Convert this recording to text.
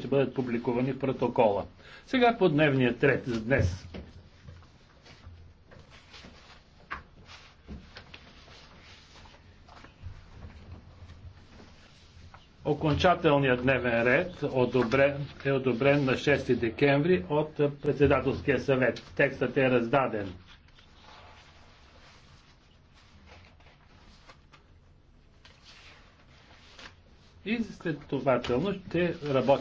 ще бъдат публикувани в протокола. Сега по дневния трет за днес. Окончателният дневен ред е одобрен на 6 декември от председателския съвет. Текстът е раздаден. И следователно ще работи.